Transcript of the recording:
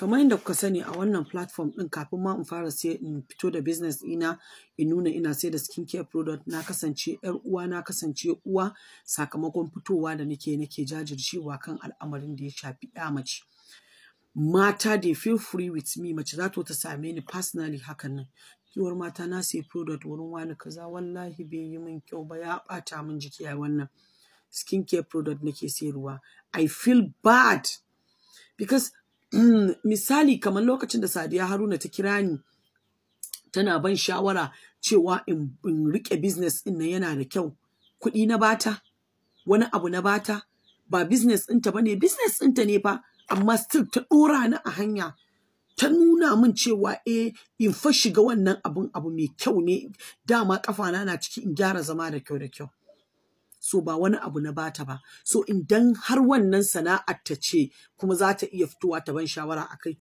kamar inda kuka sani a wannan platform din kafin ma in fara sai in fito da business ina in nuna ina sai da skin care product na kasance yar uwa na kasance uwa sakamakon fitowa da nake nake jajircewa kan al'amarin da ya shafi ya mace mata dey feel free with me mace za ta same ni personally hakan nan kiwar mata na sai product wurin wani kaza wallahi bai yi min kyau ba ya bata min jiki a wannan skin care product nake sayarwa i feel bad because Mm, misali kamar lokacin da Sadiya Haruna ta kira ni tana ban shawara cewa in rike business in na yana da kyau kuɗi na bata wani abu na bata ba business ɗinta bane business ɗinta ne fa amma still ta ɗora ni a hanya ta nuna min cewa eh in fa shiga wannan abun abu mai kyau ne dama kafana na ciki in gyara zama da kyau da kyau so ba wani abu na bata ba so idan har wannan sana'ar ta ce kuma za ta iya fitowa ta ban shawara akai